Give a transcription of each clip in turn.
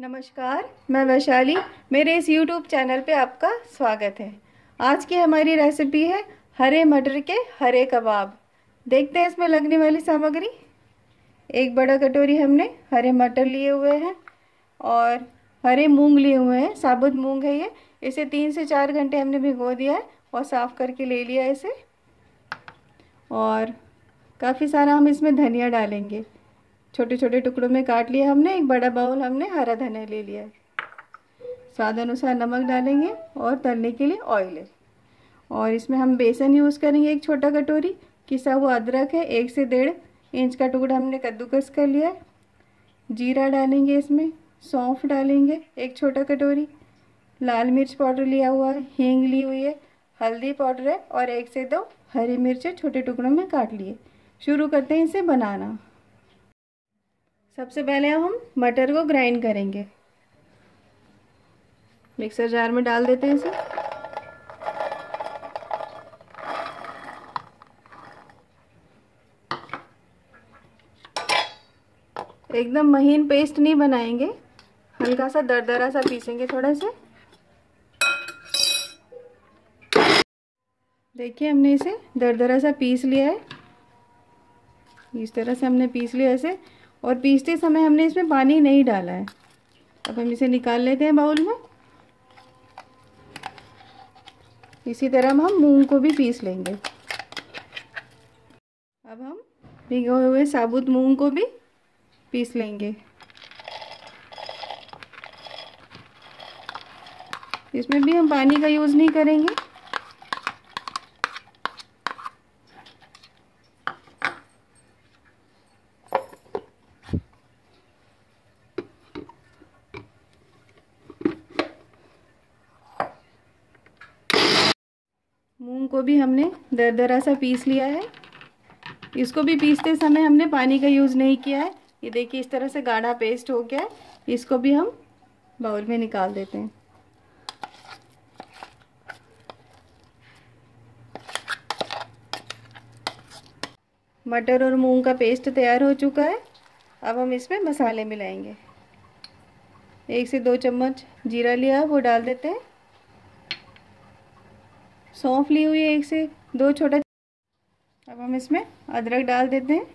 नमस्कार मैं वैशाली मेरे इस YouTube चैनल पे आपका स्वागत है आज की हमारी रेसिपी है हरे मटर के हरे कबाब देखते हैं इसमें लगने वाली सामग्री एक बड़ा कटोरी हमने हरे मटर लिए हुए हैं और हरे मूंग लिए हुए हैं साबुत मूंग है ये इसे तीन से चार घंटे हमने भिगो दिया है और साफ़ करके ले लिया इसे और काफ़ी सारा हम इसमें धनिया डालेंगे छोटे छोटे टुकड़ों में काट लिया हमने एक बड़ा बाउल हमने हरा धनिया ले लिया है स्वाद अनुसार नमक डालेंगे और तलने के लिए ऑयल है और इसमें हम बेसन यूज़ करेंगे एक छोटा कटोरी किसा हुआ अदरक है एक से डेढ़ इंच का टुकड़ा हमने कद्दूकस कर लिया है जीरा डालेंगे इसमें सौंफ डालेंगे एक छोटा कटोरी लाल मिर्च पाउडर लिया हुआ है हींग ली हुई है हल्दी पाउडर है और एक से दो हरी मिर्च छोटे टुकड़ों में काट लिए शुरू करते हैं इसे बनाना सबसे पहले हम मटर को ग्राइंड करेंगे मिक्सर जार में डाल देते हैं इसे एकदम महीन पेस्ट नहीं बनाएंगे हल्का सा दरदरा सा पीसेंगे थोड़ा से देखिए हमने इसे दरदरा सा पीस लिया है इस तरह से हमने पीस लिया ऐसे और पीसते समय हमने इसमें पानी नहीं डाला है अब हम इसे निकाल लेते हैं बाउल में इसी तरह हम मूंग को भी पीस लेंगे अब हम भिगोए हुए साबुत मूंग को भी पीस लेंगे इसमें भी हम पानी का यूज़ नहीं करेंगे मूंग को भी हमने दर दरा सा पीस लिया है इसको भी पीसते समय हमने पानी का यूज़ नहीं किया है ये देखिए इस तरह से गाढ़ा पेस्ट हो गया है इसको भी हम बाउल में निकाल देते हैं मटर और मूंग का पेस्ट तैयार हो चुका है अब हम इसमें मसाले मिलाएंगे एक से दो चम्मच जीरा लिया वो डाल देते हैं सौंफ ली हुई है एक से दो छोटा अब हम इसमें अदरक डाल देते हैं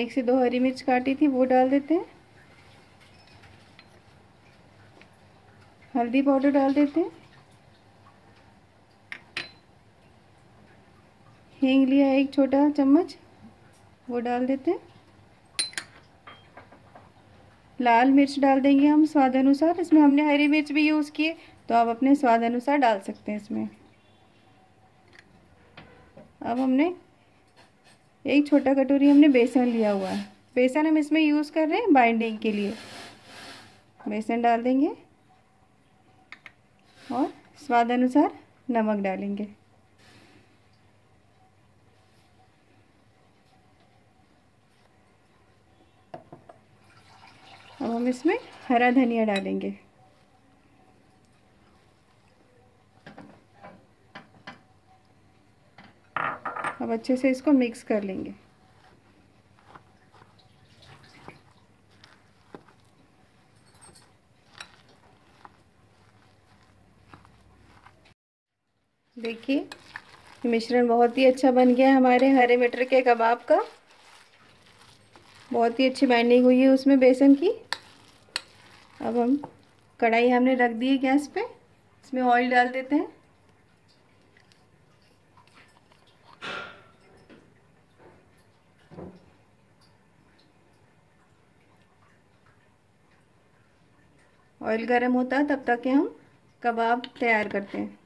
एक से दो हरी मिर्च काटी थी वो डाल देते हैं हल्दी पाउडर डाल देते हैं हींग लिया एक छोटा चम्मच वो डाल देते हैं लाल मिर्च डाल देंगे हम स्वाद अनुसार इसमें हमने हरी मिर्च भी यूज़ किए तो आप अपने स्वाद अनुसार डाल सकते हैं इसमें अब हमने एक छोटा कटोरी हमने बेसन लिया हुआ है बेसन हम इसमें यूज़ कर रहे हैं बाइंडिंग के लिए बेसन डाल देंगे और स्वाद अनुसार नमक डालेंगे अब हम इसमें हरा धनिया डालेंगे अब अच्छे से इसको मिक्स कर लेंगे देखिए मिश्रण बहुत ही अच्छा बन गया हमारे हरे मटर के कबाब का बहुत ही अच्छी बाइंडिंग हुई है उसमें बेसन की अब हम कढ़ाई हमने रख दी है गैस पे इसमें ऑयल डाल देते हैं ऑयल गर्म होता है तब तक के हम कबाब तैयार करते हैं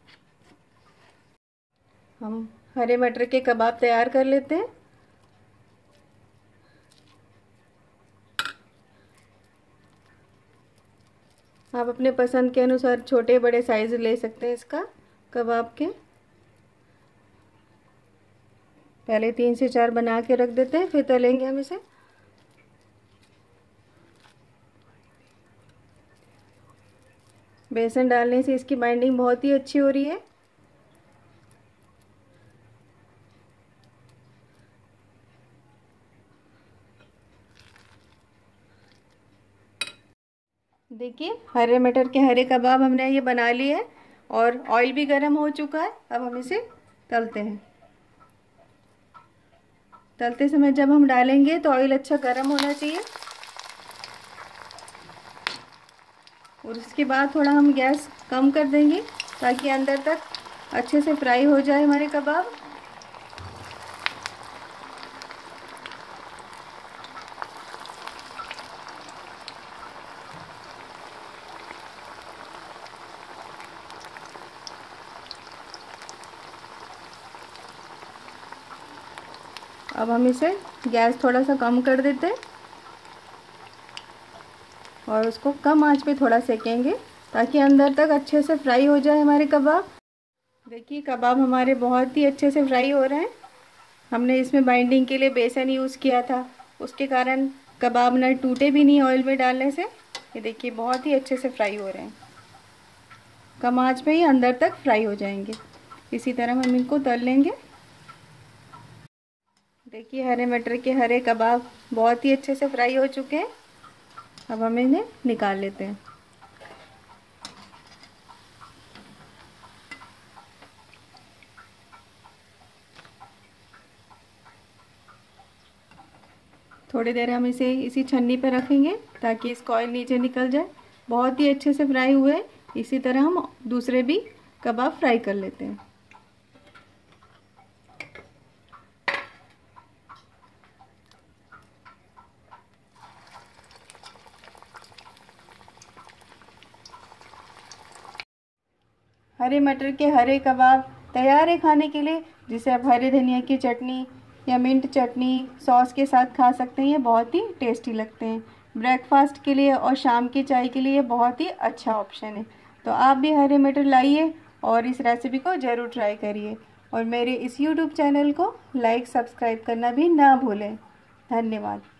हम हरे मटर के कबाब तैयार कर लेते हैं आप अपने पसंद के अनुसार छोटे बड़े साइज़ ले सकते हैं इसका कबाब के पहले तीन से चार बना के रख देते हैं फिर तलेंगे हम इसे बेसन डालने से इसकी बाइंडिंग बहुत ही अच्छी हो रही है देखिए हरे मटर के हरे कबाब हमने ये बना लिए हैं और ऑयल भी गर्म हो चुका है अब हम इसे तलते हैं तलते समय जब हम डालेंगे तो ऑयल अच्छा गर्म होना चाहिए और उसके बाद थोड़ा हम गैस कम कर देंगे ताकि अंदर तक अच्छे से फ्राई हो जाए हमारे कबाब अब हम इसे गैस थोड़ा सा कम कर देते हैं और उसको कम आंच पे थोड़ा सेकेंगे ताकि अंदर तक अच्छे से फ्राई हो जाए हमारे कबाब देखिए कबाब हमारे बहुत ही अच्छे से फ्राई हो रहे हैं हमने इसमें बाइंडिंग के लिए बेसन यूज़ किया था उसके कारण कबाब ना टूटे भी नहीं ऑयल में डालने से ये देखिए बहुत ही अच्छे से फ्राई हो रहे हैं कम आँच पे ही अंदर तक फ्राई हो जाएंगे इसी तरह हम इनको तल लेंगे देखिए हरे मटर के हरे कबाब बहुत ही अच्छे से फ्राई हो चुके हैं अब हम इन्हें निकाल लेते हैं थोड़ी देर हम इसे इसी छन्नी पर रखेंगे ताकि इसका ऑयल नीचे निकल जाए बहुत ही अच्छे से फ्राई हुए इसी तरह हम दूसरे भी कबाब फ्राई कर लेते हैं हरे मटर के हरे कबाब तैयार है खाने के लिए जिसे आप हरे धनिया की चटनी या मिंट चटनी सॉस के साथ खा सकते हैं ये बहुत ही टेस्टी लगते हैं ब्रेकफास्ट के लिए और शाम की चाय के लिए बहुत ही अच्छा ऑप्शन है तो आप भी हरे मटर लाइए और इस रेसिपी को ज़रूर ट्राई करिए और मेरे इस यूट्यूब चैनल को लाइक सब्सक्राइब करना भी ना भूलें धन्यवाद